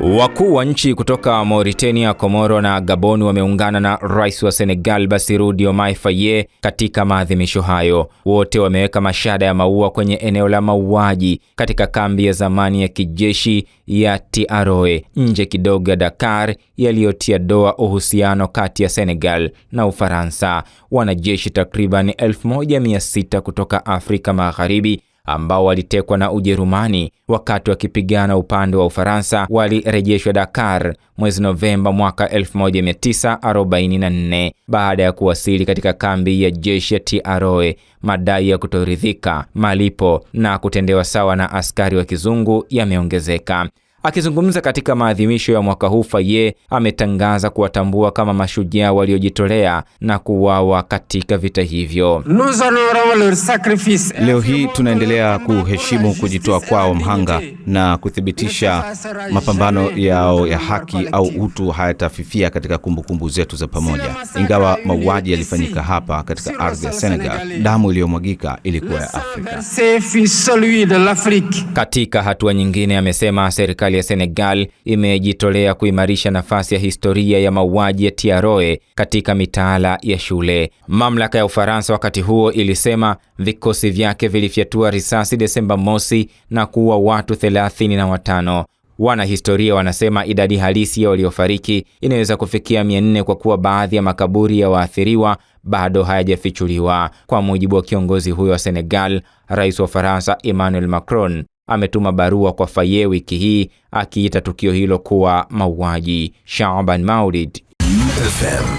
Wakuu wa nchi kutoka Mauritania, Komoro na Gabon wameungana na Rais wa Senegal Bassirou Diomaye Faye katika maadhimisho hayo. Wote wameweka mashada ya maua kwenye eneo la mauaji katika kambi ya zamani ya kijeshi ya Tiaroe nje kidogo ya Dakar, yaliyotia doa uhusiano kati ya Senegal na Ufaransa. Wanajeshi takriban 1600 kutoka Afrika Magharibi ambao walitekwa na Ujerumani wakati wakipigana upande wa Ufaransa walirejeshwa Dakar mwezi Novemba mwaka 1944 baada ya kuwasili katika kambi ya jeshi ya troe madai ya kutoridhika malipo na kutendewa sawa na askari wa kizungu yameongezeka. Akizungumza katika maadhimisho ya mwaka huu, Faye ametangaza kuwatambua kama mashujaa waliojitolea na kuuawa katika vita hivyo. Leo hii tunaendelea kuheshimu kujitoa kwao mhanga na kuthibitisha mapambano yao ya haki au utu hayatafifia katika kumbukumbu zetu za pamoja. Ingawa mauaji yalifanyika hapa katika ardhi ya Senegal, damu iliyomwagika ilikuwa ya Afrika. Katika hatua nyingine, amesema serikali serikali ya Senegal imejitolea kuimarisha nafasi ya historia ya mauaji ya Tiaroe katika mitaala ya shule. Mamlaka ya Ufaransa wakati huo ilisema vikosi vyake vilifyatua risasi Desemba mosi na kuua watu 35. Wanahistoria wanasema idadi halisi ya waliofariki inaweza kufikia 400 kwa kuwa baadhi ya makaburi ya waathiriwa bado hayajafichuliwa. Kwa mujibu wa kiongozi huyo wa Senegal, Rais wa Faransa Emmanuel Macron ametuma barua kwa Faye wiki hii akiita tukio hilo kuwa mauaji. Shaaban Maulid FM.